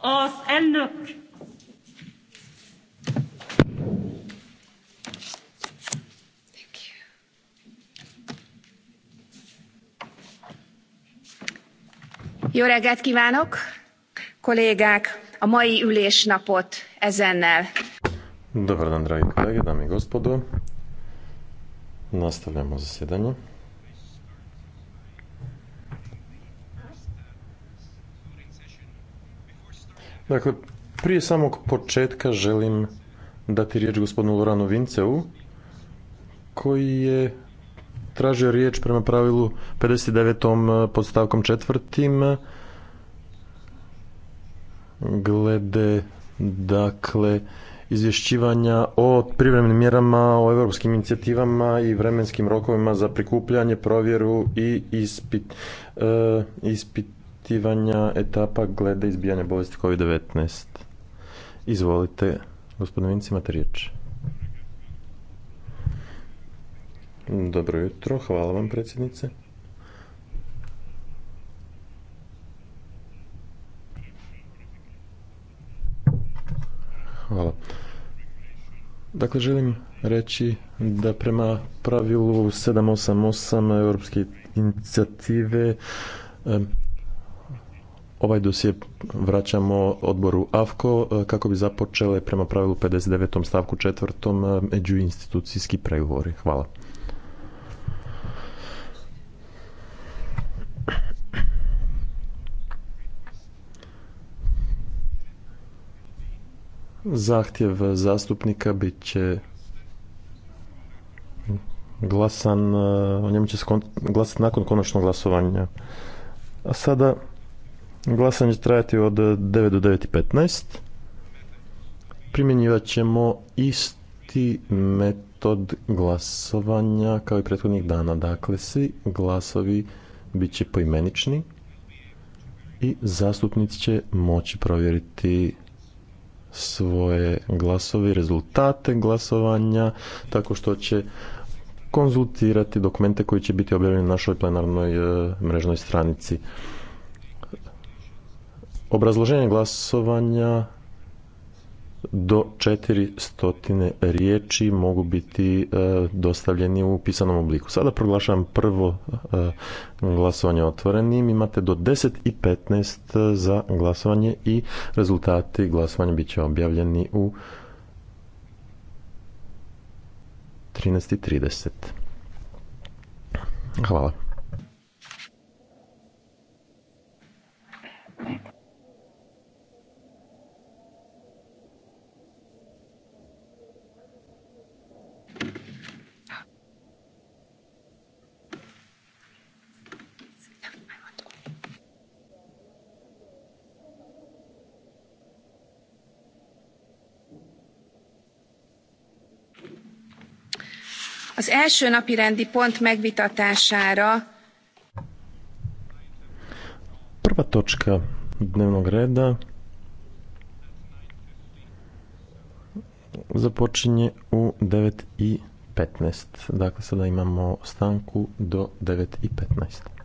Az elnök Jó reggelt kívánok, kollégák! A mai ülésnapot ezennel. Dobar dan, dragi kolege, dame i gospodo. Nastavljamo zasjedanje. Dakle, prije samog početka želim dati riječ gospodinu Loranu Vinceu, koji je tražio riječ prema pravilu 59. Eh, podstavkom četvrtim glede dakle izvješćivanja o privremenim mjerama, o europskim inicijativama i vremenskim rokovima za prikupljanje, provjeru i ispit, eh, ispit ispitivanja etapa glede izbijanja bolesti COVID-19. Izvolite, gospodin Vinci, imate riječ. Dobro jutro, hvala vam predsjednice. Hvala. Dakle, želim reći da prema pravilu 788 europske inicijative ovaj dosje vraćamo odboru AFKO e, kako bi započele prema pravilu 59. stavku 4. E, međuinstitucijski pregovori. Hvala. Zahtjev zastupnika bit će glasan, e, o njemu će glasati nakon konačnog glasovanja. A sada Glasanje će trajati od 9 eh, do 9.15. Primjenjivat ćemo isti metod glasovanja kao i prethodnih dana. Dakle, svi glasovi bit će poimenični i zastupnici će moći provjeriti svoje glasove rezultate glasovanja tako što će konzultirati dokumente koji će biti objavljeni na našoj plenarnoj eh, mrežnoj stranici. Obrazloženje glasovanja do 400 riječi mogu biti e, dostavljeni u pisanom obliku. Sada proglašavam prvo e, glasovanje otvorenim. Imate do 10 i 15 e, za glasovanje i rezultati glasovanja bit će objavljeni u 13.30. Hvala. Az első napi rendi pont megvitatására Prva točka dnevnog reda započinje u 9 i 15. Dakle, sada imamo stanku do 9 i 15.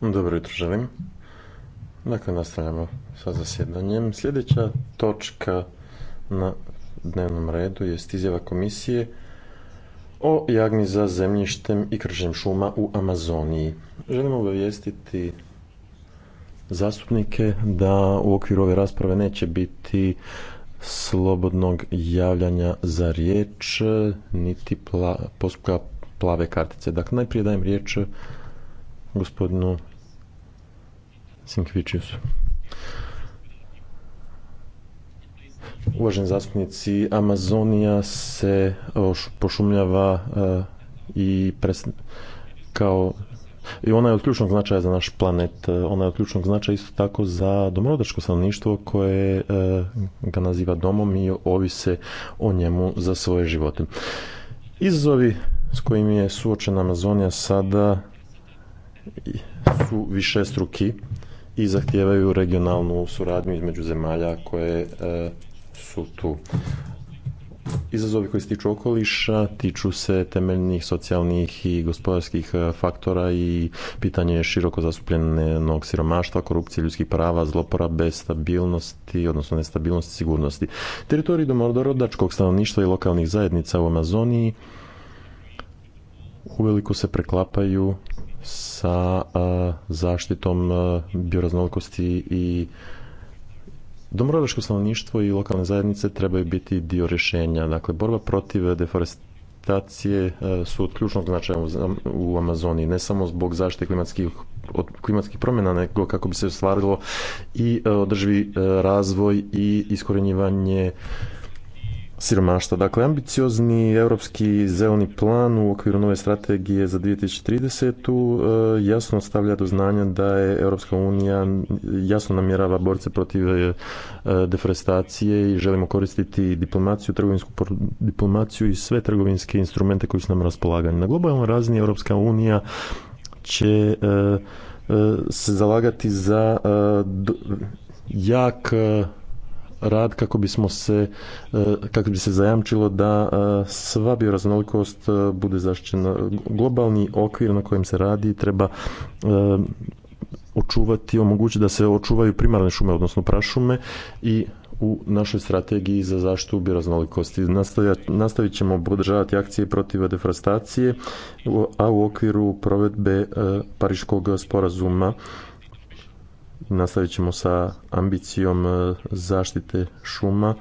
Dobro jutro želim. Dakle, nastavljamo sa zasjedanjem. Sljedeća točka na dnevnom redu jest izjava komisije o jagni za zemljištem i kršenjem šuma u Amazoniji. Želim obavijestiti zastupnike da u okviru ove rasprave neće biti slobodnog javljanja za riječ, niti postupka plave kartice. Dakle, najprije dajem riječ eh, gospodinu Sinkvičiusu. Uvaženi zastupnici, Amazonija se pošumljava eh, i kao i ona je od ključnog značaja za naš planet. Eh, ona je od ključnog značaja isto tako za domorodačko stanovništvo koje ga naziva domom i ovise o njemu za svoje živote. Izazovi s kojim je suočena Amazonija sada su struki i zahtijevaju regionalnu suradnju između zemalja koje e, su tu. Izazovi koji se tiču okoliša tiču se temeljnih socijalnih i gospodarskih e, faktora i pitanje je široko zastupljenog siromaštva, korupcije ljudskih prava, zloporabe, stabilnosti, odnosno nestabilnosti, sigurnosti. Teritorij domorodačkog stanovništva i lokalnih zajednica u Amazoniji uveliko se preklapaju sa zaštitom bioraznolikosti i domorodačko stanovništvo i lokalne zajednice trebaju biti dio rješenja. Dakle, borba protiv deforestacije su od ključnog značaja u Amazoniji, ne samo zbog zaštite klimatskih od klimatskih promjena, nego kako bi se ostvarilo i održivi razvoj i iskorjenjivanje siromaštva. Dakle, ambiciozni europski zeleni plan u okviru nove strategije za 2030. Eh, jasno stavlja do znanja da je Europska unija jasno namjerava borce protiv eh, deforestacije i želimo koristiti diplomaciju, trgovinsku diplomaciju i sve trgovinske instrumente koji su nam raspolagani. Na globalnoj razini Europska unija će eh, se zalagati za jak rad kako bismo se e, kako bi se zajamčilo da e, sva bioraznolikost e, bude zaštićena globalni okvir na kojem se radi treba očuvati, omogućiti da se očuvaju primarne šume, odnosno prašume i u našoj strategiji za zaštitu bioraznolikosti. Nastavit ćemo podržavati akcije protiv deforestacije, a u okviru provedbe Pariškog sporazuma nastavit ćemo sa ambicijom e, zaštite šuma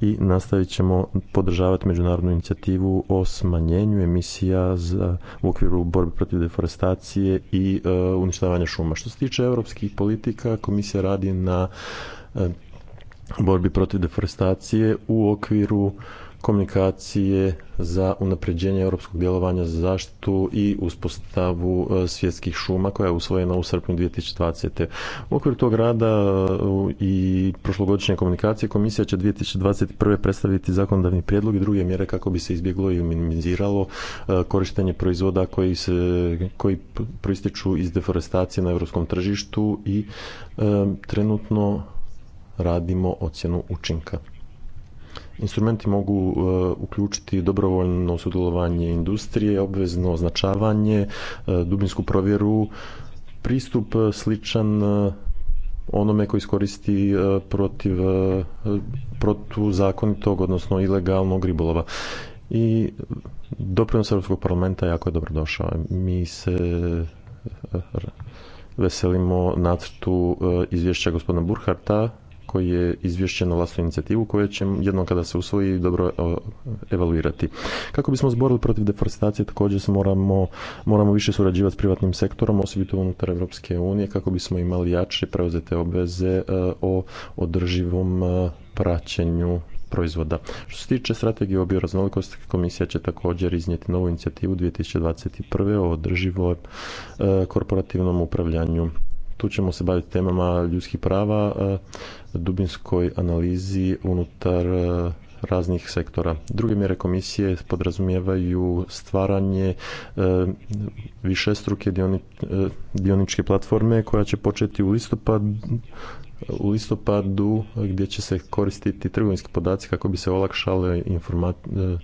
i nastavit ćemo podržavati međunarodnu inicijativu o smanjenju emisija za, u okviru borbe protiv deforestacije i e, uništavanja šuma. Što se tiče europskih politika, komisija radi na e, borbi protiv deforestacije u okviru komunikacije za unapređenje europskog djelovanja za zaštitu i uspostavu e, svjetskih šuma koja je usvojena u srpnju 2020. U okviru tog rada e, i prošlogodišnje komunikacije komisija će 2021. predstaviti zakonodavni prijedlog i druge mjere kako bi se izbjeglo i minimiziralo e, korištenje proizvoda koji, se, koji proističu iz deforestacije na europskom tržištu i trenutno radimo ocjenu učinka. Instrumenti mogu e, uključiti dobrovoljno sudjelovanje industrije, obvezno označavanje, e, dubinsku provjeru, pristup e, sličan onome koji iskoristi protiv protuzakonitog, odnosno ilegalnog ribolova. I doprinos Europskog parlamenta jako je dobro došao. Mi se veselimo nacrtu izvješća gospodina Burharta koji je izvješće na vlastnu inicijativu koje će jednom kada se usvoji dobro evaluirati. Kako bismo zborili protiv deforestacije također moramo, moramo više surađivati s privatnim sektorom, osobito unutar Europske unije kako bismo imali jače preuzete obveze e, o održivom e, praćenju proizvoda. Što se tiče strategije o bioraznolikosti, komisija će također iznijeti novu inicijativu 2021. o održivom e, korporativnom upravljanju tu ćemo se baviti temama ljudskih prava, e, dubinskoj analizi unutar e, raznih sektora. Druge mjere komisije podrazumijevaju stvaranje e, višestruke dioničke platforme koja će početi u listopadu u listopadu gdje će se koristiti trgovinski podaci kako bi se olakšale e,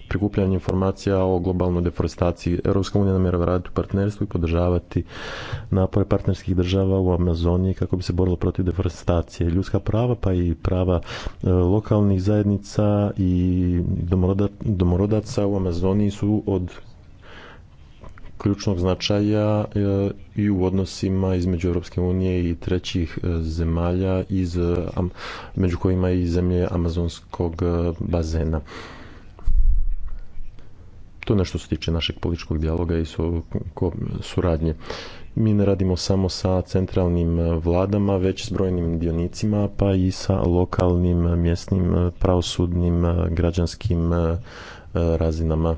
prikupljanje informacija o globalnoj deforestaciji. Europska unija namjerava raditi u partnerstvu i podržavati napore partnerskih država u Amazoniji kako bi se borilo protiv deforestacije. Ljudska prava pa i prava e, lokalnih zajednica i domorodaca u Amazoniji su od ključnog značaja e, i u odnosima između Europske unije i trećih e, zemalja iz, e, među kojima i zemlje amazonskog bazena. To je nešto se tiče našeg političkog dijaloga i suradnje. Mi ne radimo samo sa centralnim vladama, već s brojnim dionicima, pa i sa lokalnim, mjesnim, pravosudnim, građanskim razinama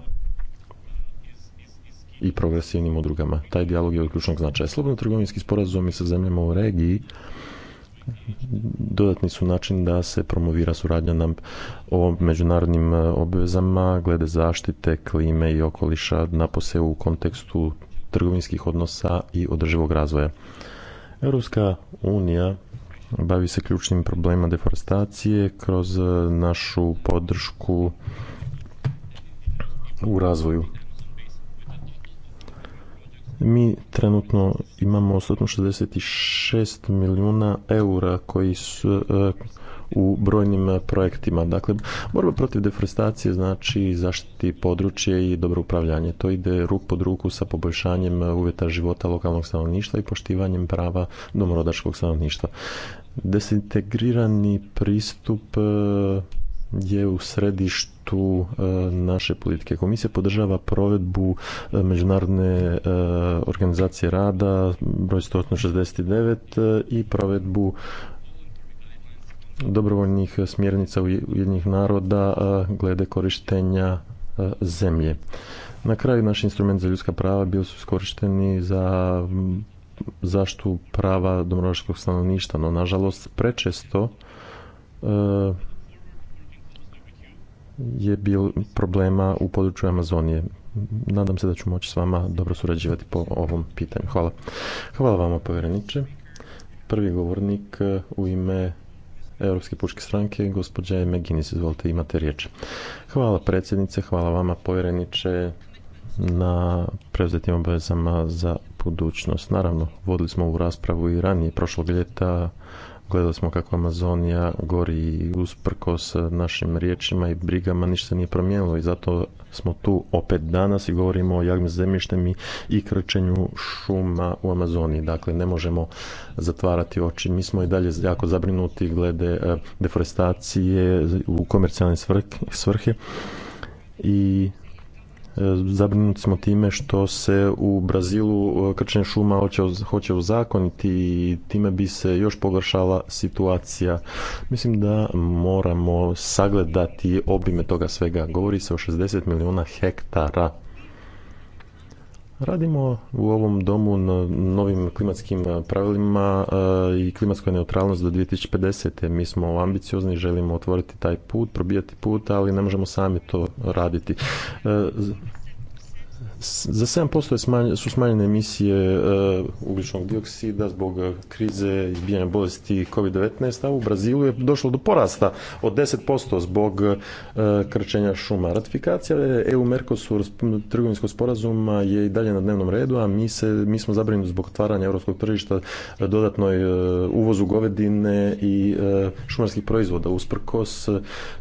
i progresivnim udrugama. Taj dijalog je od ključnog značaja. Slobodno trgovinski sporazumi sa zemljama u regiji dodatni su način da se promovira suradnja nam o međunarodnim e, obvezama glede zaštite klime i okoliša posebu u kontekstu trgovinskih odnosa i održivog razvoja. Europska unija bavi se ključnim problema deforestacije kroz e, našu podršku u razvoju. Mi trenutno imamo 166 milijuna eura koji su e, u brojnim e, projektima. Dakle, borba protiv deforestacije znači zaštiti područje i dobro upravljanje. To ide ruk pod ruku sa poboljšanjem e, uvjeta života lokalnog stanovništva i poštivanjem prava domorodačkog stanovništva. Desintegrirani pristup je u središtu tu e, naše politike. Komisija podržava provedbu e, Međunarodne e, organizacije rada broj 169 i provedbu dobrovoljnih smjernica jednih naroda glede korištenja zemlje. Na kraju naš instrument za ljudska prava bio su iskorišteni za zaštu prava domoroškog stanovništva, no nažalost prečesto je bilo problema u području Amazonije. Nadam se da ću moći s vama dobro surađivati po ovom pitanju. Hvala. Hvala vama, povjereniče. Prvi govornik e, u ime Europske pučke stranke, gospođa Meginis, izvolite, imate riječ. Hvala predsjednice, hvala vama povjereniče na preuzetim obvezama za budućnost. Naravno, vodili smo ovu raspravu i ranije prošlog ljeta Gledali smo kako Amazonija gori i usprkos našim riječima i brigama ništa nije promijenilo i zato smo tu opet danas i govorimo o javnim zemljištem i, i krčenju šuma u Amazoniji. Dakle, ne možemo zatvarati oči. Mi smo i dalje jako zabrinuti glede e, deforestacije u komercijalne svrhe i zabrinuti smo time što se u Brazilu e, krčenje šuma hoće, hoće uzakoniti i time bi se još pogoršala situacija. Mislim da moramo sagledati obime toga svega. Govori se o 60 milijuna hektara Radimo u ovom domu na novim klimatskim pravilima i klimatskoj neutralnosti do 2050. Mi smo ambiciozni, želimo otvoriti taj put, probijati put, ali ne možemo sami to raditi. E, za 7% je su smanjene emisije uh, ugljičnog dioksida zbog e, krize izbijanja bolesti COVID-19, a u Brazilu je došlo do porasta od 10% zbog e, krčenja šuma. Ratifikacija EU-Mercosur trgovinskog sporazuma je i dalje na dnevnom redu, a mi, se, mi smo zabrinuti zbog otvaranja europskog tržišta dodatnoj uvozu govedine i šumarskih proizvoda, usprkos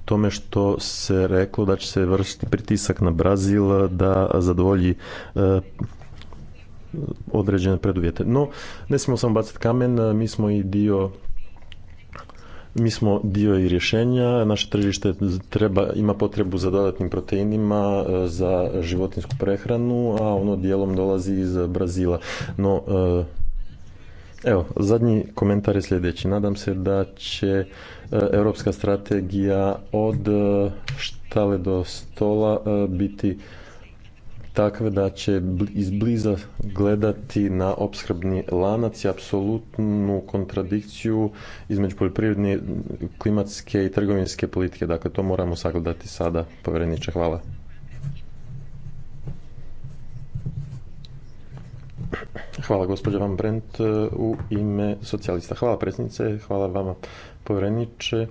tome što se reklo da će se vršiti pritisak na Brazil da zadovolji Uh, određene preduvjete. No, ne smijemo samo bacati kamen, uh, mi smo i dio mi smo dio i rješenja, naše tržište treba, ima potrebu za dodatnim proteinima, uh, za životinsku prehranu, a ono dijelom dolazi iz Brazila. No, evo, zadnji komentar je sljedeći. Nadam se da će europska strategija od štale do stola biti takve da će izbliza gledati na opskrbni lanac i apsolutnu kontradikciju između poljoprivredne, klimatske i trgovinske politike. Dakle, to moramo sagledati sada, povjereniče. Hvala. Hvala gospođa Van Brent e, u ime socijalista. Hvala predsjednice, hvala vama povjereniče.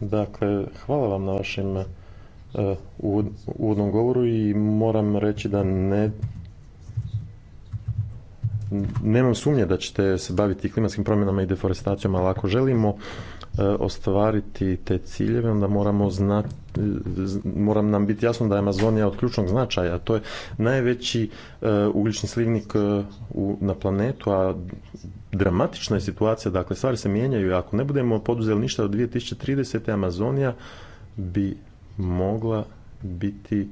Dakle, hvala vam na vašem... E, u uvodnom govoru i moram reći da ne nemam sumnje da ćete se baviti klimatskim promjenama i deforestacijom, ali ako želimo e, ostvariti te ciljeve, onda moramo znati, moram nam biti jasno da je Amazonija od ključnog značaja. To je najveći e, ugljični slivnik na planetu, a dramatična je situacija, dakle stvari se mijenjaju i ako ne budemo poduzeli ništa od 2030. Amazonija bi mogla biti e,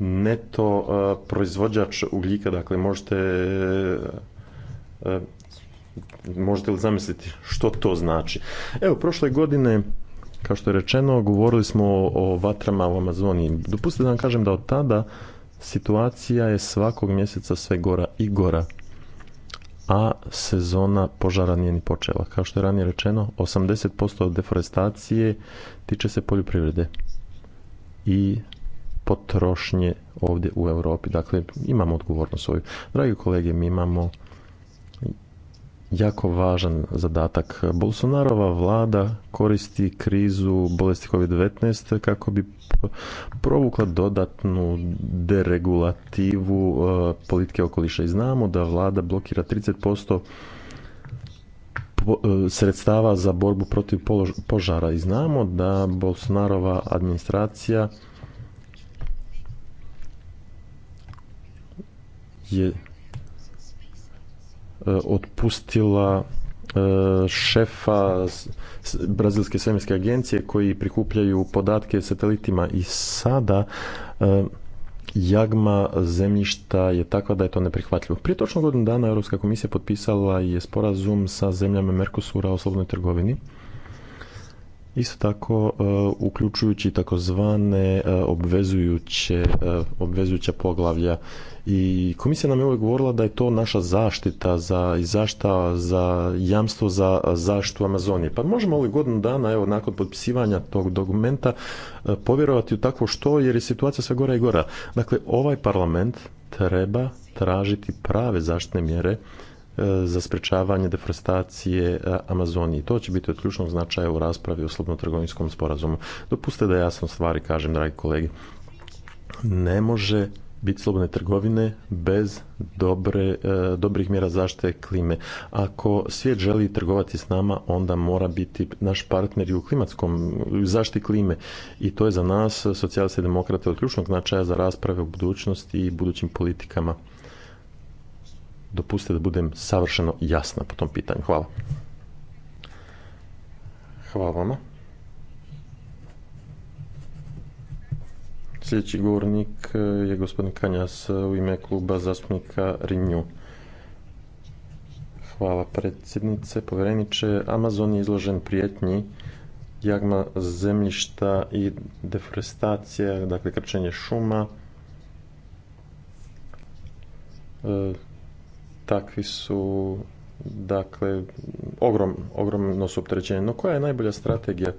neto e, proizvođač ugljika, dakle možete e, možete li zamisliti što to znači. Evo, prošle godine kao što je rečeno, govorili smo o vatrama u Amazoniji. Dopustite da vam kažem da od tada situacija je svakog mjeseca sve gora i gora a sezona požara nije ni počela. Kao što je ranije rečeno, 80% deforestacije tiče se poljoprivrede i potrošnje ovdje u Europi. Dakle, imamo odgovornost svoju. Dragi kolege, mi imamo jako važan zadatak. Bolsonarova vlada koristi krizu bolesti COVID-19 kako bi provukla dodatnu deregulativu e, politike okoliša. I znamo da vlada blokira 30% e, sredstava za borbu protiv požara. I znamo da Bolsonarova administracija je Eh, otpustila eh, šefa Brazilske svemirske agencije koji prikupljaju podatke satelitima i sada eh, jagma zemljišta je takva da je to neprihvatljivo. Prije točno godinu dana Europska komisija potpisala je sporazum sa zemljama Merkosura o slobodnoj trgovini Isto tako e, uključujući takozvane e, obvezujuće e, obvezujuća poglavlja i komisija nam je uvijek govorila da je to naša zaštita za i zašta za jamstvo za zaštitu Amazonije. Pa možemo ovih godinu dana evo nakon potpisivanja tog dokumenta povjerovati u takvo što jer je situacija sve gora i gora. Dakle ovaj parlament treba tražiti prave zaštitne mjere E, za sprečavanje deforestacije e, Amazonije. To će biti od ključnog značaja u raspravi o slobodnom trgovinskom sporazumu. Dopustite da jasno stvari kažem, dragi kolege. Ne može biti slobodne trgovine bez dobre, e, dobrih mjera zaštite klime. Ako svijet želi trgovati s nama, onda mora biti naš partner i u klimatskom zaštiti klime. I to je za nas, socijaliste demokrate, od ključnog značaja za rasprave u budućnosti i budućim politikama dopustite da budem savršeno jasna po tom pitanju. Hvala. Hvala vama. Sljedeći govornik eh, je gospodin Kanjas eh, u ime kluba zastupnika Rinju. Hvala predsjednice, povjereniče. Amazon je izložen prijetnji jagma zemljišta i deforestacija, dakle krčenje šuma. Eh, takvi su dakle ogrom, ogromno su opterećenje. No koja je najbolja strategija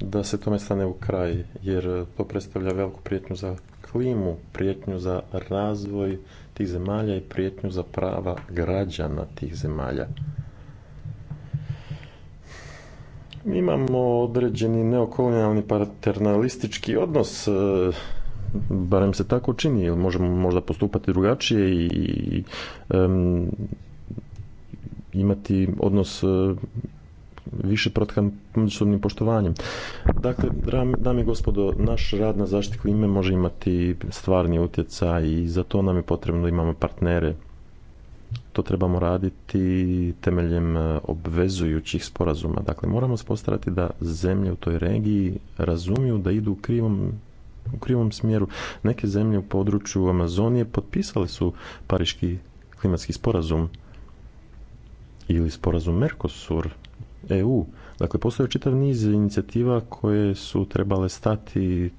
da se tome stane u kraj? Jer to predstavlja veliku prijetnju za klimu, prijetnju za razvoj tih zemalja i prijetnju za prava građana tih zemalja. Mi imamo određeni neokolonijalni paternalistički odnos barem se tako čini, ili možemo možda postupati drugačije i, imati odnos e, više protkan međusobnim poštovanjem. Dakle, dame i gospodo, naš rad na zaštiti ime može imati stvarni utjecaj i za to nam je potrebno da imamo partnere. To trebamo raditi temeljem e, obvezujućih sporazuma. Dakle, moramo spostarati da zemlje u toj regiji razumiju da idu krivom u krivom smjeru. Neke zemlje u području Amazonije potpisale su pariški klimatski sporazum ili sporazum Mercosur EU. Dakle, postoje čitav niz inicijativa koje su trebale stati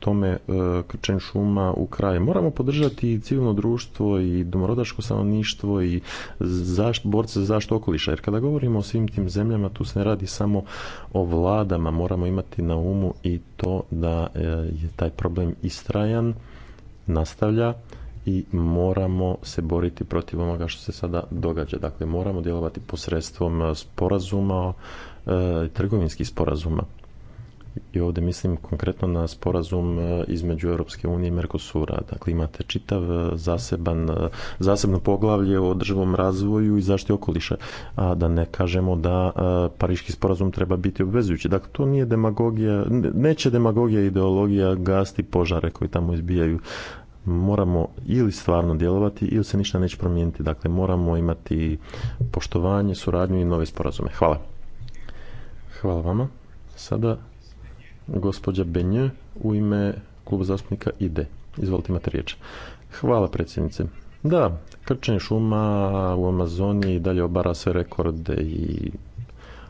tome e, krčen šuma u kraju. Moramo podržati i civilno društvo i domorodačko stanovništvo i borce za zaštitu okoliša. Jer kada govorimo o svim tim zemljama, tu se ne radi samo o vladama. Moramo imati na umu i to da e, je taj problem istrajan, nastavlja i moramo se boriti protiv onoga što se sada događa. Dakle, moramo djelovati posredstvom sporazuma, e, trgovinskih sporazuma i ovdje mislim konkretno na sporazum e, između Europske unije i Mercosura. Dakle, imate čitav e, zaseban, e, zasebno poglavlje o državom razvoju i zaštiti okoliša, a da ne kažemo da pariški sporazum treba biti obvezujući. Dakle, to nije demagogija, neće demagogija i ideologija gasti požare koji tamo izbijaju moramo ili stvarno djelovati ili se ništa neće promijeniti. Dakle, moramo imati poštovanje, suradnju i nove sporazume. Hvala. Hvala vama. Sada gospođa Benje u ime kluba zastupnika IDE. Izvolite imate riječ. Hvala predsjednice. Da, krčenje šuma u Amazoniji dalje obara sve rekorde i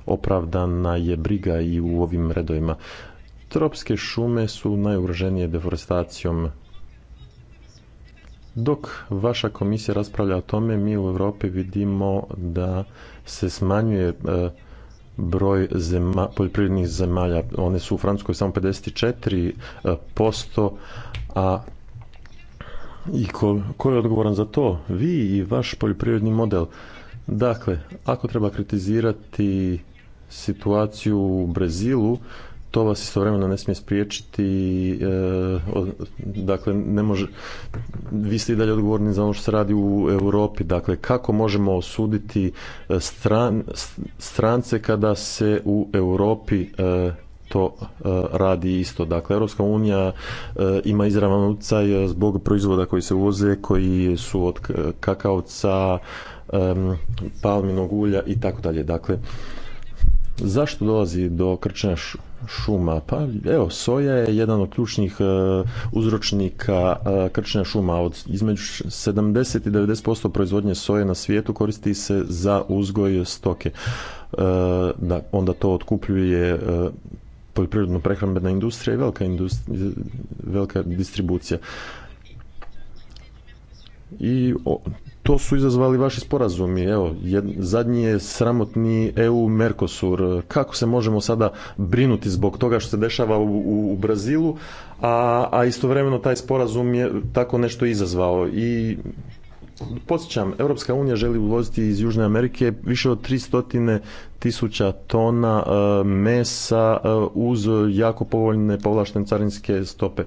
opravdana je briga i u ovim redovima. Tropske šume su najugroženije deforestacijom. Dok vaša komisija raspravlja o tome, mi u Europi vidimo da se smanjuje e, broj zema, poljoprivrednih zemalja. One su u Francuskoj samo 54%, e, a i ko, ko je odgovoran za to? Vi i vaš poljoprivredni model. Dakle, ako treba kritizirati situaciju u Brazilu, to vas istovremeno ne smije spriječiti, e, dakle ne može, vi ste i dalje odgovorni za ono što se radi u Europi, dakle kako možemo osuditi e, strance kada se u Europi e, to radi isto. Dakle, Europska unija ima izravan utjecaj zbog proizvoda koji se uvoze, koji su od kakaoca, palminog ulja i tako dalje. Dakle, zašto dolazi do krčenja šuma? Pa evo, soja je jedan od ključnih e, uzročnika e, krčenja šuma. Od između 70 i 90% proizvodnje soje na svijetu koristi se za uzgoj stoke. E, da, onda to otkupljuje poljoprivredno prehrambena industrija i velika, velika distribucija. I to su izazvali vaši sporazumi. Evo, zadnji je sramotni EU Mercosur. Kako se možemo sada brinuti zbog toga što se dešava u, Brazilu, a, a istovremeno taj sporazum je tako nešto izazvao i Podsjećam, Europska unija želi uvoziti iz Južne Amerike više od 300 tisuća tona e, mesa e, uz jako povoljne povlaštene carinske stope.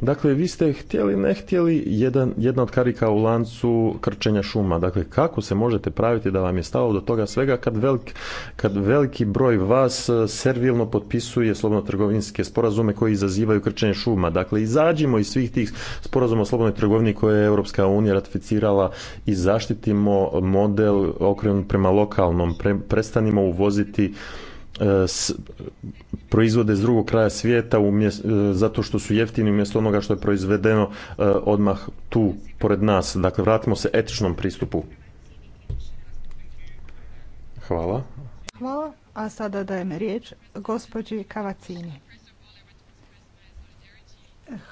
Dakle, vi ste htjeli, ne htjeli, jedan, jedna od karika u lancu krčenja šuma. Dakle, kako se možete praviti da vam je stalo do toga svega kad, velik, kad veliki broj vas e, servilno potpisuje slobodno trgovinske sporazume koji izazivaju krčenje šuma. Dakle, izađimo iz svih tih sporazuma o slobodnoj trgovini koje je Europska unija ratificirala i zaštitimo model okrenut prema lokalnom. prestanimo uvoziti E, s, proizvode s drugog kraja svijeta e, zato što su jeftini umjesto onoga što je proizvedeno e, odmah tu pored nas. Dakle, vratimo se etičnom pristupu. Hvala. Hvala, a sada dajem riječ gospođi Kavacini.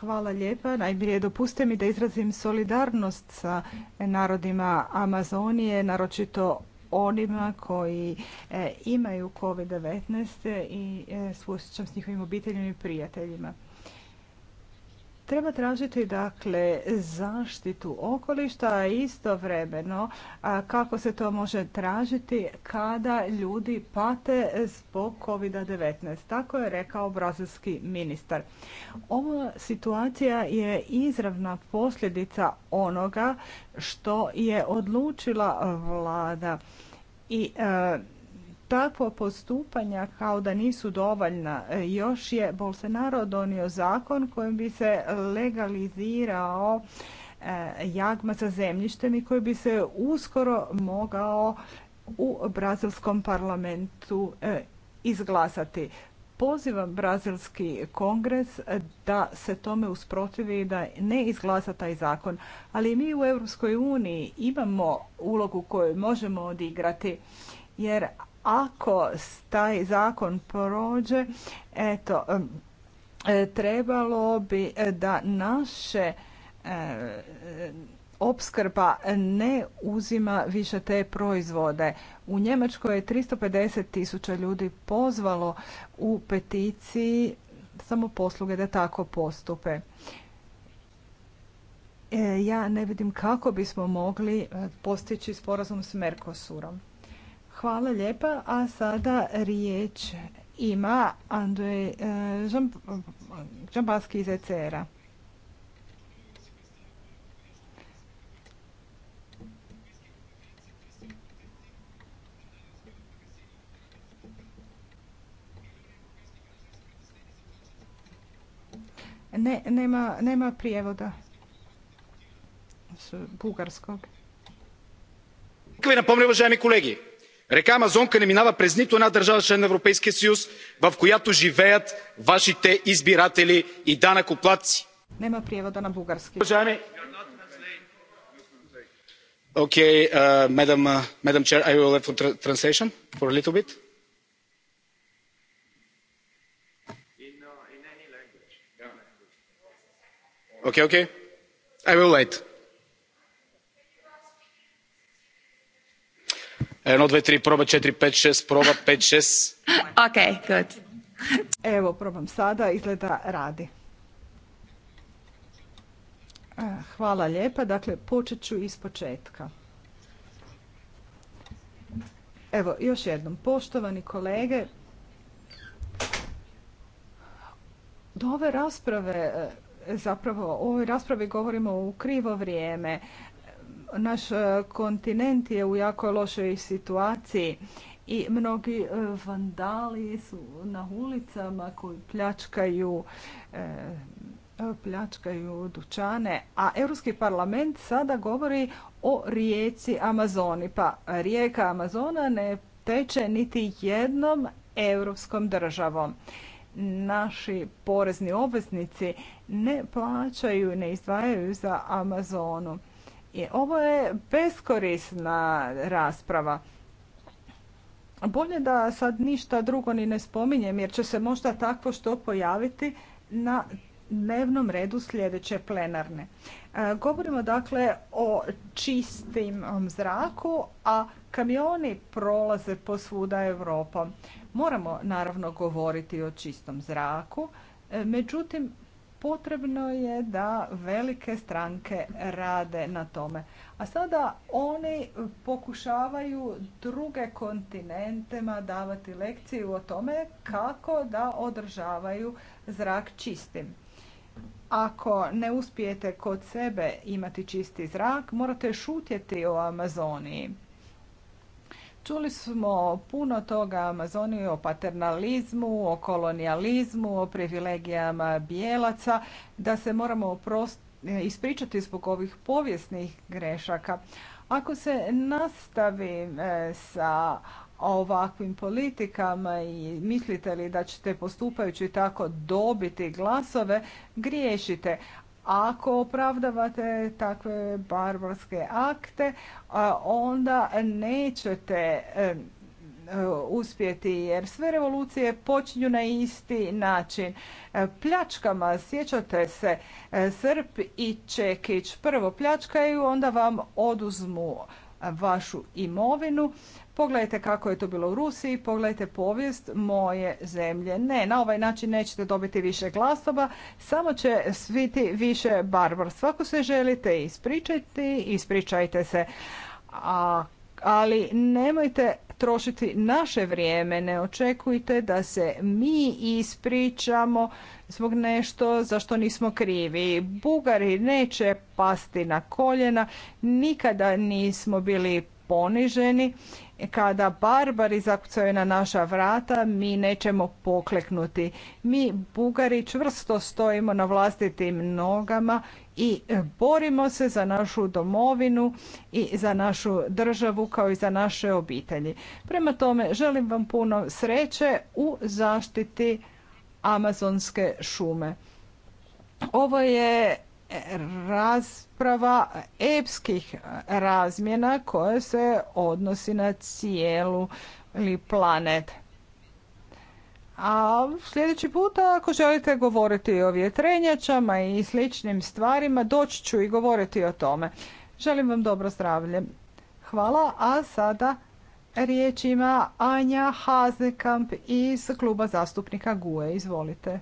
Hvala lijepa. Najprije dopuste mi da izrazim solidarnost sa narodima Amazonije, naročito onima koji e, imaju COVID-19 i e, suosjećam s njihovim obiteljima i prijateljima. Treba tražiti dakle zaštitu okolišta, a istovremeno kako se to može tražiti kada ljudi pate zbog COVID-19. Tako je rekao brazilski ministar. Ova situacija je izravna posljedica onoga što je odlučila vlada i e, Takvo postupanja kao da nisu dovoljna. E, još je Bolsonaro donio zakon kojim bi se legalizirao e, jagma sa zemljištem i koji bi se uskoro mogao u brazilskom parlamentu e, izglasati. Pozivam brazilski kongres da se tome usprotivi i da ne izglasa taj zakon. Ali mi u Europskoj uniji imamo ulogu koju možemo odigrati jer ako taj zakon prođe, eto, e, trebalo bi e, da naše e, opskrba ne uzima više te proizvode. U Njemačkoj je 350 tisuća ljudi pozvalo u peticiji samo posluge da tako postupe. Ja ne vidim kako bismo mogli postići sporazum s Mercosurom. Hvala lijepa, a sada riječ ima Andrej e, Žambaski iz ECR-a. Ne, nema, prijevoda s bugarskog. Kako je napomnili, река амазонка не минава през нито една държава – член на европейския съюз в която живеят вашите избиратели и данъкоплатци. okay okay i will wait. Eno, dve, tri, proba, četiri, pet, šest, proba, pet, šest. Ok, good. Evo, probam sada, izgleda radi. Hvala lijepa, dakle počet ću iz početka. Evo, još jednom, poštovani kolege, do ove rasprave, e, zapravo o ovoj raspravi govorimo u krivo vrijeme naš e, kontinent je u jako lošoj situaciji i mnogi e, vandali su na ulicama koji pljačkaju e, pljačkaju dućane, a Europski parlament sada govori o rijeci Amazoni. Pa rijeka Amazona ne teče niti jednom europskom državom. Naši porezni obveznici ne plaćaju, ne izdvajaju za Amazonu. Ovo je beskorisna rasprava. Bolje da sad ništa drugo ni ne spominjem jer će se možda tako što pojaviti na dnevnom redu sljedeće plenarne. E, govorimo dakle o čistim zraku, a kamioni prolaze po svuda Europom. Moramo naravno govoriti o čistom zraku, e, međutim potrebno je da velike stranke rade na tome. A sada oni pokušavaju druge kontinentima davati lekciju o tome kako da održavaju zrak čistim. Ako ne uspijete kod sebe imati čisti zrak, morate šutjeti o Amazoniji. Čuli smo puno toga o Amazoniji, o paternalizmu, o kolonijalizmu, o privilegijama bijelaca, da se moramo ispričati zbog ovih povijesnih grešaka. Ako se nastavi e, sa ovakvim politikama i mislite li da ćete postupajući tako dobiti glasove, griješite. Ako opravdavate takve barbarske akte, onda nećete e, uspjeti jer sve revolucije počinju na isti način. E, pljačkama, sjećate se, e, Srp i Čekić prvo pljačkaju, onda vam oduzmu vašu imovinu, Pogledajte kako je to bilo u Rusiji, pogledajte povijest moje zemlje. Ne, na ovaj način nećete dobiti više glasova, samo će sviti više barbar. Svako se želite ispričati, ispričajte se. A, ali nemojte trošiti naše vrijeme, ne očekujte da se mi ispričamo zbog nešto za što nismo krivi. Bugari neće pasti na koljena, nikada nismo bili poniženi kada barbari zakucaju na naša vrata, mi nećemo pokleknuti. Mi Bugari čvrsto stojimo na vlastitim nogama i borimo se za našu domovinu i za našu državu kao i za naše obitelji. Prema tome, želim vam puno sreće u zaštiti amazonske šume. Ovo je rasprava epskih razmjena koja se odnosi na cijelu ili planet. A sljedeći puta ako želite govoriti o vjetrenjačama i sličnim stvarima, doći ću i govoriti o tome. Želim vam dobro zdravlje. Hvala, a sada riječ ima Anja Hazekamp iz kluba zastupnika GUE. Izvolite.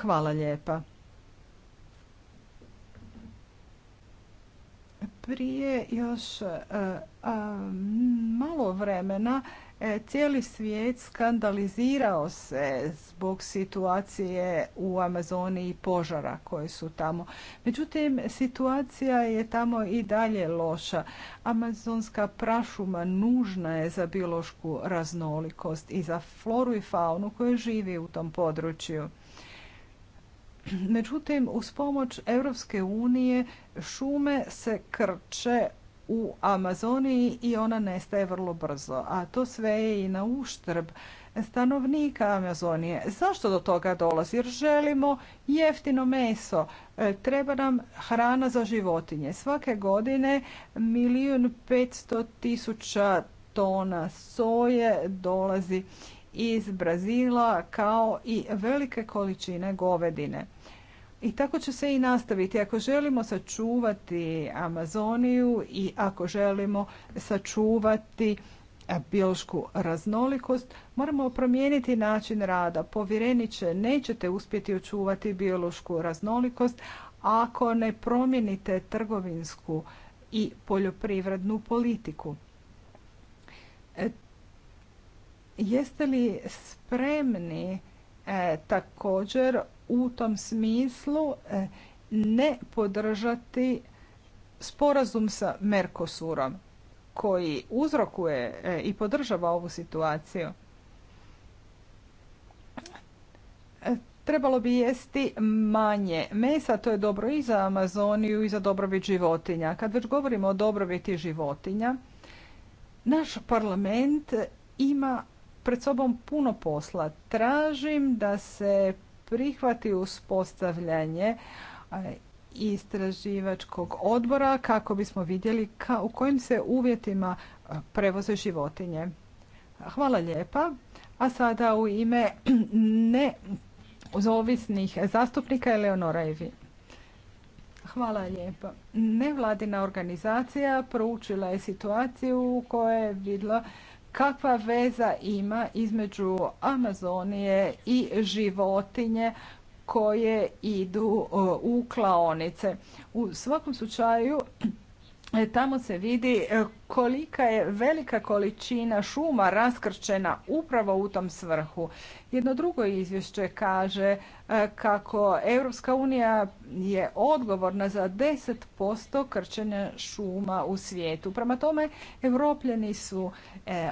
Hvala lijepa. Prije još e, malo vremena e, cijeli svijet skandalizirao se zbog situacije u Amazoni i požara koje su tamo. Međutim, situacija je tamo i dalje loša. Amazonska prašuma nužna je za biološku raznolikost i za floru i faunu koja živi u tom području. Međutim, uz pomoć Europske unije šume se krče u Amazoniji i ona nestaje vrlo brzo, a to sve je i na uštrb stanovnika Amazonije. Zašto do toga dolazi? Jer želimo jeftino meso. E, treba nam hrana za životinje. Svake godine milijun petsto tisuća tona soje dolazi iz Brazila kao i velike količine govedine. I tako će se i nastaviti. Ako želimo sačuvati Amazoniju i ako želimo sačuvati biološku raznolikost, moramo promijeniti način rada. Povjereniče, nećete uspjeti očuvati biološku raznolikost ako ne promijenite trgovinsku i poljoprivrednu politiku. E, jeste li spremni e, također u tom smislu e, ne podržati sporazum sa Merkosurom koji uzrokuje e, i podržava ovu situaciju. E, trebalo bi jesti manje mesa, to je dobro i za Amazoniju i za dobrobit životinja. Kad već govorimo o dobrobiti životinja, naš parlament ima pred sobom puno posla. Tražim da se prihvati uspostavljanje istraživačkog odbora kako bismo vidjeli u kojim se uvjetima prevoze životinje. Hvala lijepa. A sada u ime ne zastupnika Eleonora Evi. Hvala lijepa. Nevladina organizacija proučila je situaciju u kojoj je vidjela kakva veza ima između Amazonije i životinje koje idu e, u klaonice. U svakom slučaju E, tamo se vidi e, kolika je velika količina šuma raskrčena upravo u tom svrhu. Jedno drugo izvješće kaže e, kako Europska unija je odgovorna za 10% krčenja šuma u svijetu. Prema tome, evropljeni su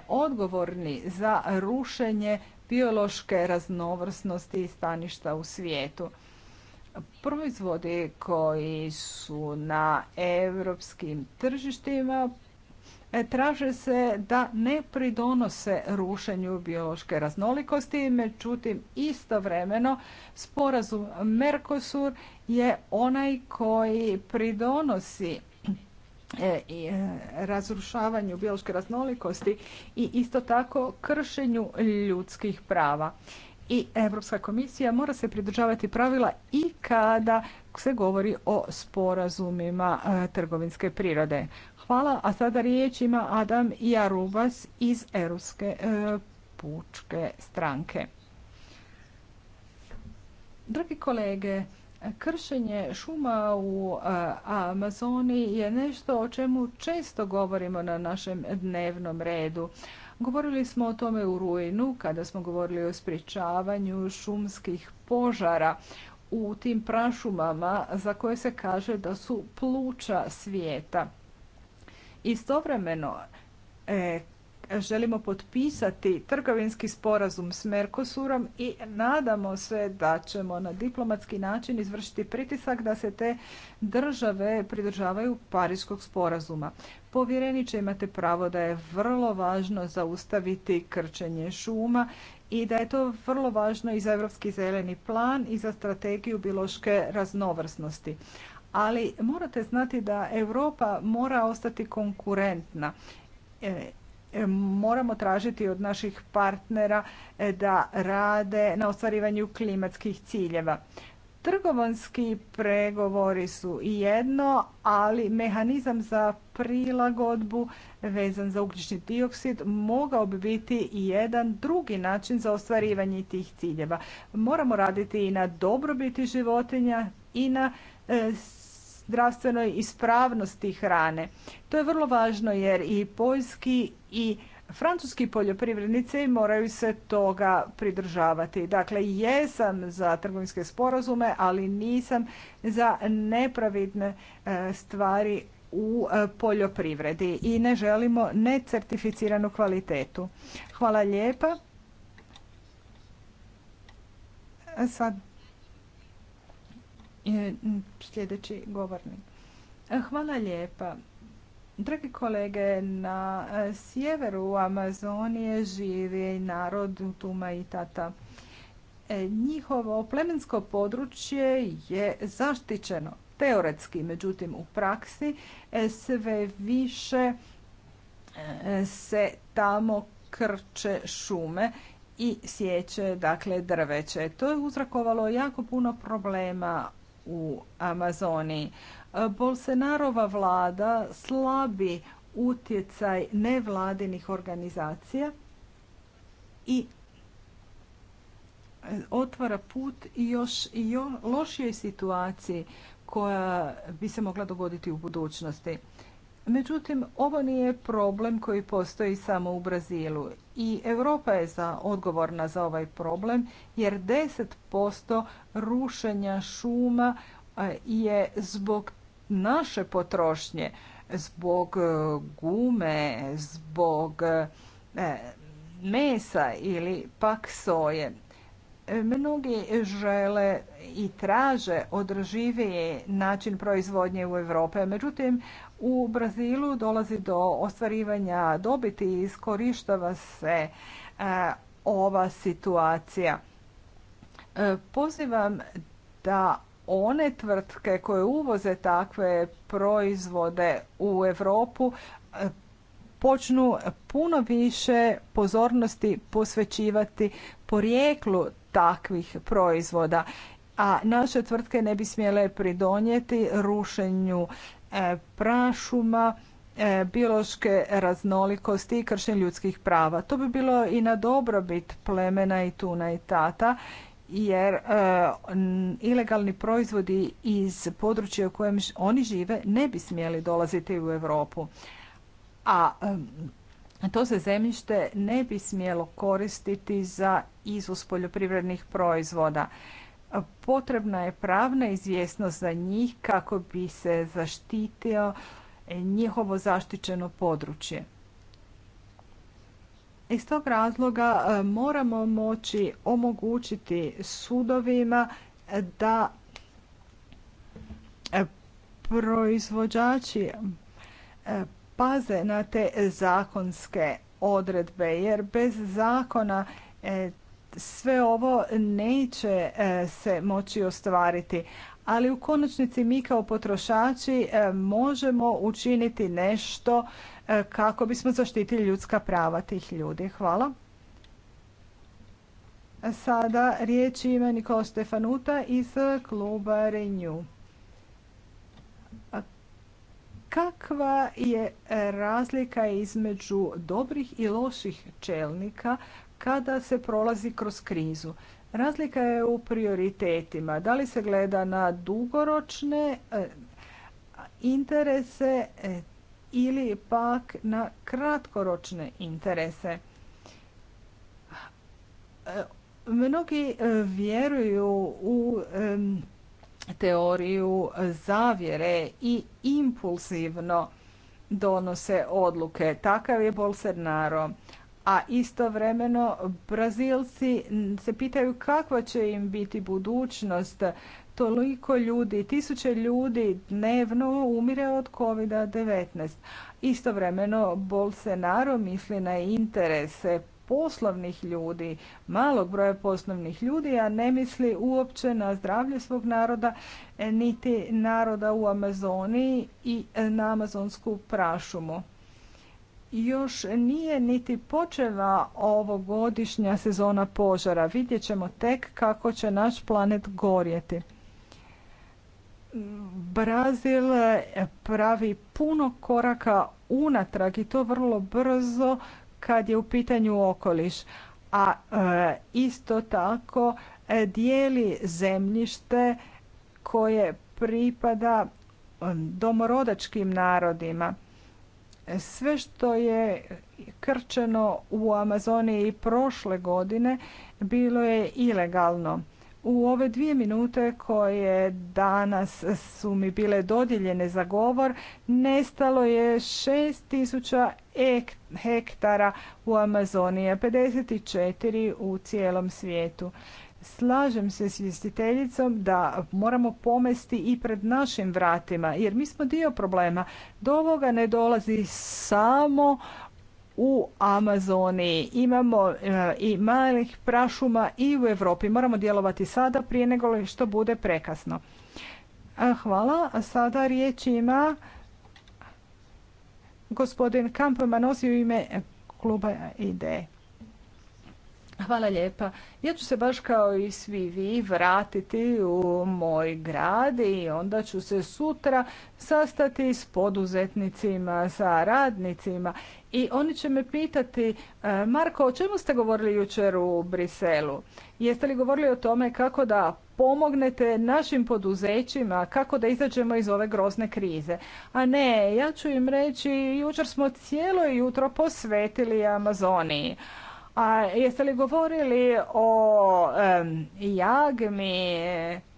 odgovorni za rušenje biološke raznovrsnosti i staništa u svijetu proizvodi koji su na europskim tržištima e, traže se da ne pridonose rušenju biološke raznolikosti, međutim istovremeno sporazum Mercosur je onaj koji pridonosi e, e, razrušavanju biološke raznolikosti i isto tako kršenju ljudskih prava i Europska komisija mora se pridržavati pravila i kada se govori o sporazumima e, trgovinske prirode. Hvala, a sada riječ ima Adam Jarubas iz Europske e, pučke stranke. Dragi kolege, kršenje šuma u e, Amazoni je nešto o čemu često govorimo na našem dnevnom redu. Govorili smo o tome u rujnu kada smo govorili o spričavanju šumskih požara u tim prašumama za koje se kaže da su pluća svijeta. Istovremeno e, želimo potpisati trgovinski sporazum s Mercosurom i nadamo se da ćemo na diplomatski način izvršiti pritisak da se te države pridržavaju Pariškog sporazuma. Povjereniče, imate pravo da je vrlo važno zaustaviti krčenje šuma i da je to vrlo važno i za Europski zeleni plan i za strategiju biološke raznovrsnosti. Ali morate znati da Europa mora ostati konkurentna. E, moramo tražiti od naših partnera e, da rade na ostvarivanju klimatskih ciljeva. Trgovanski pregovori su jedno, ali mehanizam za prilagodbu vezan za ugljični dioksid mogao bi biti i jedan drugi način za ostvarivanje tih ciljeva. Moramo raditi i na dobrobiti životinja i na e, zdravstvenoj ispravnosti hrane. To je vrlo važno jer i poljski i francuski poljoprivrednici moraju se toga pridržavati. Dakle, jesam za trgovinske sporazume, ali nisam za nepravidne e, stvari u e, poljoprivredi i ne želimo necertificiranu kvalitetu. Hvala lijepa. Sad sljedeći govornik. E, hvala lijepa. Dragi kolege, na e, sjeveru Amazonije živi narod Tuma i Tata. E, njihovo plemensko područje je zaštićeno teoretski, međutim u praksi sve više se tamo krče šume i sjeće dakle drveće. To je uzrakovalo jako puno problema u Amazoniji. E, Bolsenarova vlada slabi utjecaj nevladinih organizacija i e, otvara put i još i lošijoj situaciji koja bi se mogla dogoditi u budućnosti. Međutim, ovo nije problem koji postoji samo u Brazilu i Europa je za odgovorna za ovaj problem jer 10% rušenja šuma je zbog naše potrošnje, zbog e, gume, zbog e, mesa ili pak soje. Mnogi žele i traže održiviji način proizvodnje u Europe. Međutim, u Brazilu dolazi do ostvarivanja dobiti i iskorištava se e, ova situacija. E, pozivam da one tvrtke koje uvoze takve proizvode u Europu e, počnu puno više pozornosti posvećivati porijeklu takvih proizvoda. A naše tvrtke ne bi smjele pridonijeti rušenju e, prašuma, e, biološke raznolikosti i kršenju ljudskih prava. To bi bilo i na dobrobit plemena i tuna i tata jer e, ilegalni proizvodi iz područja u kojem oni žive ne bi smjeli dolaziti u Europu. A to se zemljište ne bi smjelo koristiti za izvoz poljoprivrednih proizvoda. Potrebna je pravna izvjesnost za njih kako bi se zaštitio njihovo zaštićeno područje. Iz tog razloga e, moramo moći omogućiti sudovima da e, proizvođači e, paze na te zakonske odredbe jer bez zakona e, sve ovo neće e, se moći ostvariti. Ali u konačnici mi kao potrošači e, možemo učiniti nešto kako bismo zaštitili ljudska prava tih ljudi. Hvala. Sada riječ ima Nikola Stefanuta iz kluba Renew kakva je e, razlika između dobrih i loših čelnika kada se prolazi kroz krizu. Razlika je u prioritetima. Da li se gleda na dugoročne e, interese e, ili pak na kratkoročne interese. Mnogi vjeruju u teoriju zavjere i impulsivno donose odluke. Takav je Bolsonaro. A istovremeno Brazilci se pitaju kakva će im biti budućnost. Toliko ljudi, tisuće ljudi dnevno umire od COVID-19. Istovremeno Bolsonaro misli na interese poslovnih ljudi, malog broja poslovnih ljudi, a ne misli uopće na zdravlje svog naroda, e, niti naroda u Amazoniji i e, na amazonsku prašumu. Još nije niti počela ovogodišnja sezona požara. Vidjet ćemo tek kako će naš planet gorjeti. Brazil e, pravi puno koraka unatrag i to vrlo brzo kad je u pitanju okoliš, a e, isto tako e, dijeli zemljište koje pripada e, domorodačkim narodima. Sve što je krčeno u Amazoniji prošle godine bilo je ilegalno. U ove dvije minute koje danas su mi bile dodijeljene za govor, nestalo je 6000 hektara u Amazoniji, a 54 u cijelom svijetu. Slažem se s izvjestiteljicom da moramo pomesti i pred našim vratima, jer mi smo dio problema. Do ovoga ne dolazi samo u Amazoni, imamo eh, i malih prašuma i u Europi. Moramo djelovati sada prije nego što bude prekasno. Eh, hvala. sada riječ ima gospodin Kampman nosi u ime kluba IDE. Hvala lijepa. Ja ću se baš kao i svi vi vratiti u moj grad i onda ću se sutra sastati s poduzetnicima, sa radnicima i oni će me pitati e, Marko, o čemu ste govorili jučer u Briselu? Jeste li govorili o tome kako da pomognete našim poduzećima, kako da izađemo iz ove grozne krize? A ne, ja ću im reći, jučer smo cijelo jutro posvetili Amazoniji. A jeste li govorili o um, jagmi,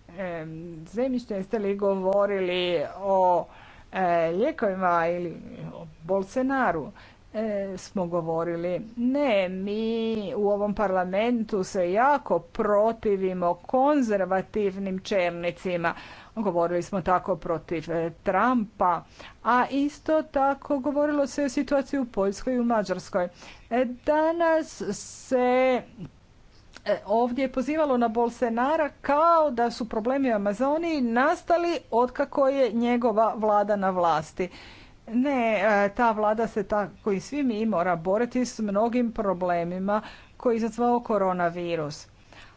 um, zemljište, jeste li govorili o e, lijekovima ili o Bolsenaru. E, smo govorili. Ne, mi u ovom parlamentu se jako protivimo konzervativnim čelnicima. Govorili smo tako protiv e, Trumpa, a isto tako govorilo se o situaciji u Poljskoj i u Mađarskoj. E, danas se ovdje pozivalo na Bolsenara kao da su problemi u Amazoniji nastali otkako je njegova vlada na vlasti. Ne, e, ta vlada se tako i svi mi mora boriti s mnogim problemima koji je izazvao koronavirus.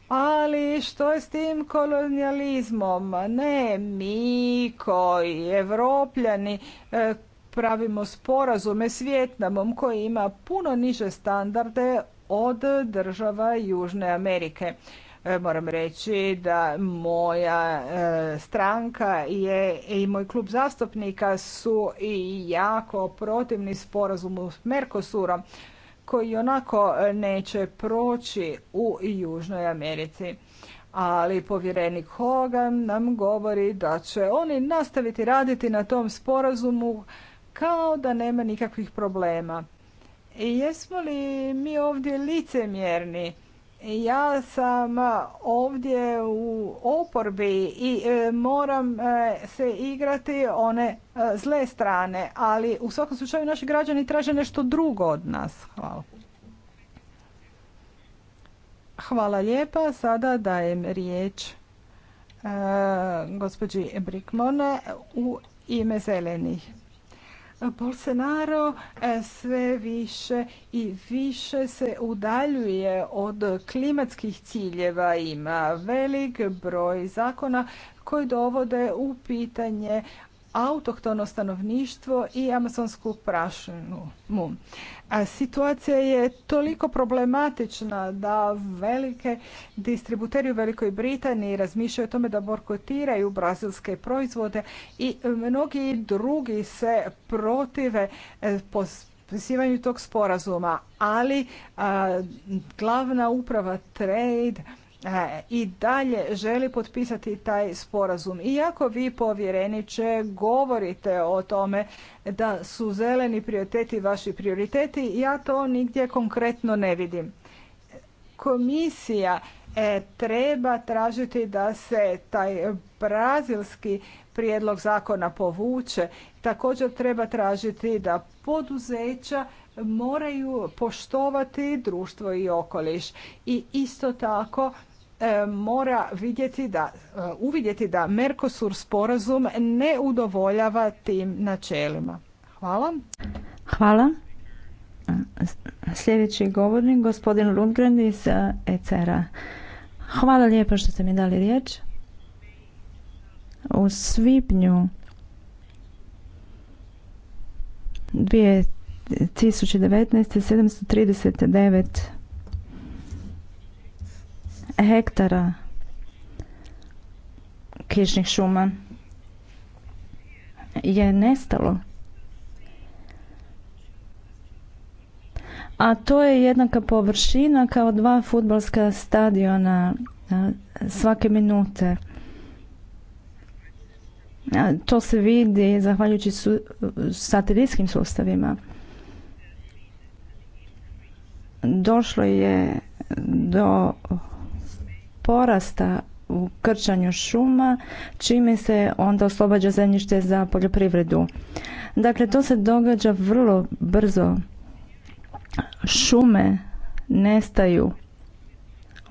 Ali što je s tim kolonijalizmom? Ne, mi koji evropljani e, pravimo sporazume s Vjetnamom koji ima puno niže standarde od država Južne Amerike. E, moram reći da moja e, stranka je i moj klub zastupnika su i jako protivni sporazumu s Mercosurom koji onako e, neće proći u Južnoj Americi. Ali povjerenik Hogan nam govori da će oni nastaviti raditi na tom sporazumu kao da nema nikakvih problema. I jesmo li mi ovdje licemjerni? Ja sam e, ovdje u oporbi i e, moram e, se igrati one zle strane, ali u svakom slučaju naši građani traže nešto drugo od nas. Hvala. Hvala lijepa. Sada dajem riječ gospođi Brikmone u ime zelenih. Bolsonaro e, sve više i više se udaljuje od klimatskih ciljeva, ima velik broj zakona koji dovode u pitanje autohtono stanovništvo i amazonsku prašinu. situacija je toliko problematična da velike distributeri u Velikoj Britaniji razmišljaju o tome da borkotiraju brazilske proizvode i mnogi drugi se protive e, potpisivanju tog sporazuma, ali glavna uprava trade E, i dalje želi potpisati taj sporazum. Iako vi povjereniče govorite o tome da su zeleni prioriteti vaši prioriteti, ja to nigdje konkretno ne vidim. Komisija e, treba tražiti da se taj brazilski prijedlog zakona povuče. Također treba tražiti da poduzeća moraju poštovati društvo i okoliš. I isto tako e, mora vidjeti da, e, uvidjeti da Mercosur sporazum ne udovoljava tim načelima. Hvala. Hvala. Sljedeći govornik, gospodin Lundgren iz e, ECR-a. Hvala lijepo što ste mi dali riječ. U svibnju trideset 739 hektara kišnih šuma je nestalo. A to je jednaka površina kao dva futbalska stadiona svake minute. To se vidi zahvaljujući su, satelitskim sustavima došlo je do porasta u krčanju šuma, čime se onda oslobađa zemljište za poljoprivredu. Dakle, to se događa vrlo brzo. Šume nestaju.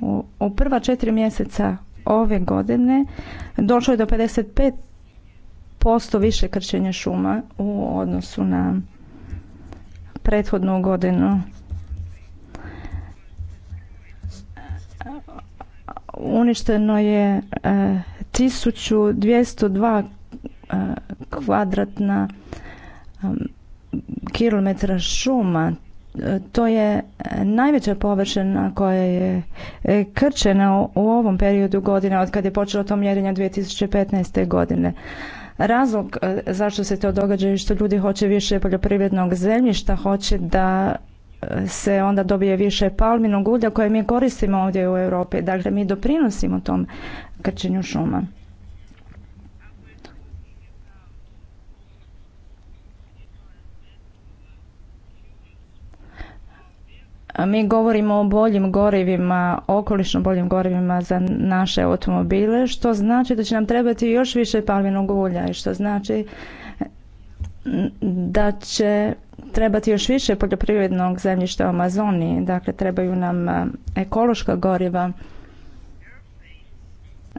U, prva četiri mjeseca ove godine došlo je do 55% više krčenja šuma u odnosu na prethodnu godinu. uništeno je 1202 e, e, kvadratna kilometra šuma. E, to je najveća površina koja je krčena u ovom periodu godine od kada je počelo to mjerenje 2015. godine. Razlog zašto se to događa je što ljudi hoće više poljoprivrednog zemljišta, hoće da se onda dobije više palminog ulja koje mi koristimo ovdje u Europi. Dakle, mi doprinosimo tom krčenju šuma. Mi govorimo o boljim gorivima, okolišno boljim gorivima za naše automobile, što znači da će nam trebati još više palminog ulja i što znači da će trebati još više poljoprivrednog zemljišta u Amazoniji, dakle trebaju nam e, ekološka goriva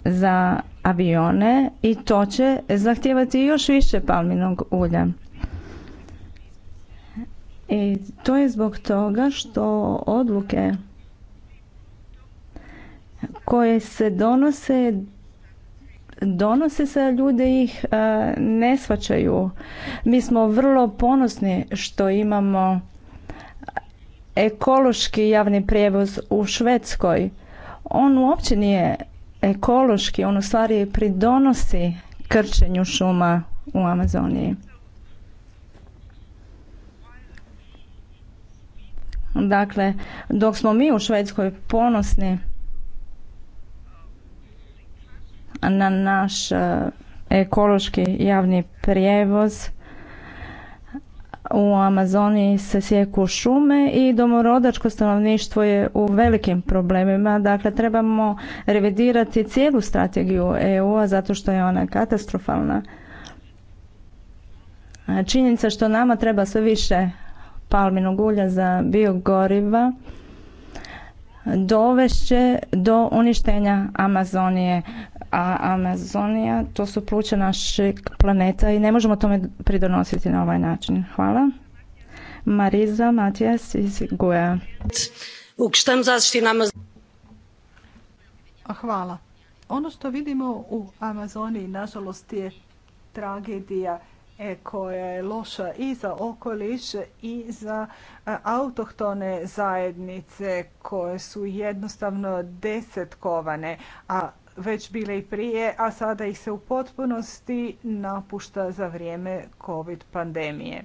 za avione i to će zahtijevati još više palminog ulja. I to je zbog toga što odluke koje se donose donose se, ljudi ih e, ne shvaćaju. Mi smo vrlo ponosni što imamo ekološki javni prijevoz u Švedskoj. On uopće nije ekološki, on u stvari pridonosi krčenju šuma u Amazoniji. Dakle, dok smo mi u Švedskoj ponosni na naš e, ekološki javni prijevoz. U Amazoniji se sjeku šume i domorodačko stanovništvo je u velikim problemima. Dakle, trebamo revidirati cijelu strategiju EU-a zato što je ona katastrofalna. Činjenica što nama treba sve više palminog ulja za biogoriva dovešće do uništenja Amazonije. A Amazonija, to su pluća našeg planeta i ne možemo tome pridonositi na ovaj način. Hvala. Mariza Matijas iz Guja. Hvala. Ono što vidimo u Amazoniji, nažalost, je tragedija E, koja je loša i za okoliš i za e, autohtone zajednice koje su jednostavno desetkovane, a već bile i prije, a sada ih se u potpunosti napušta za vrijeme COVID pandemije.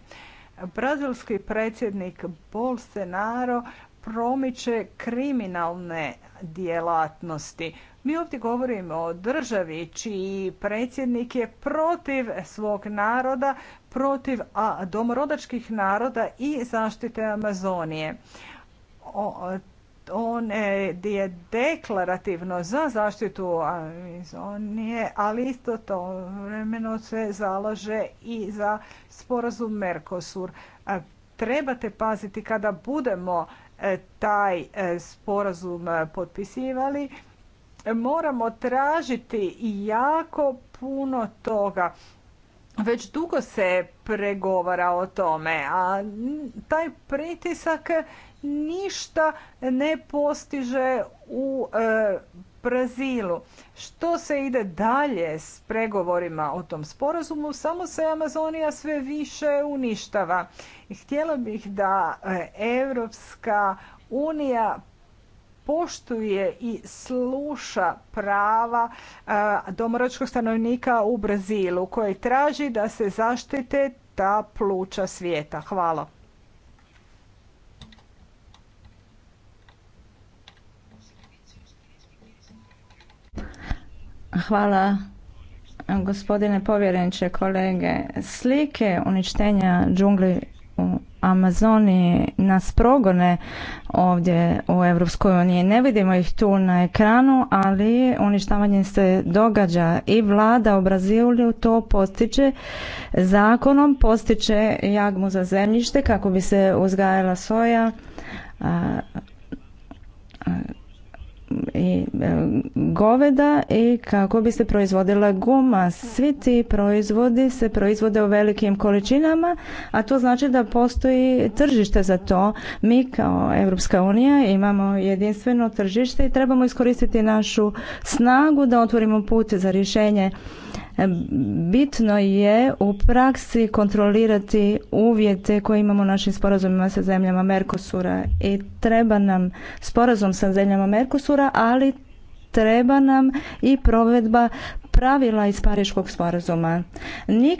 Brazilski predsjednik Bolsonaro promiče kriminalne djelatnosti mi ovdje govorimo o državi čiji predsjednik je protiv svog naroda, protiv domorodačkih naroda i zaštite Amazonije. on e, je deklarativno za zaštitu Amazonije, ali isto to vremeno se zalaže i za sporazum Mercosur. Trebate paziti kada budemo e, taj e, sporazum potpisivali, moramo tražiti jako puno toga. Već dugo se pregovara o tome, a taj pritisak ništa ne postiže u e, Brazilu. Što se ide dalje s pregovorima o tom sporazumu, samo se Amazonija sve više uništava. Htjela bih da Europska unija poštuje i sluša prava domoročkog stanovnika u Brazilu koji traži da se zaštite ta pluća svijeta. Hvala. Hvala gospodine povjereniče, kolege. Slike uništenja džungli u Amazoni nas progone ovdje u Europskoj uniji. Ne vidimo ih tu na ekranu, ali uništavanje se događa i vlada u Brazilu to postiče zakonom, postiče jagmu za zemljište kako bi se uzgajala soja, i e, goveda i kako bi se proizvodila guma. Svi ti proizvodi se proizvode u velikim količinama, a to znači da postoji tržište za to. Mi kao Europska unija imamo jedinstveno tržište i trebamo iskoristiti našu snagu da otvorimo put za rješenje Bitno je u praksi kontrolirati uvjete koje imamo u našim sporazumima sa zemljama Merkosura i treba nam sporazum sa zemljama Merkosura, ali treba nam i provedba pravila iz Pariškog sporazuma. Nikad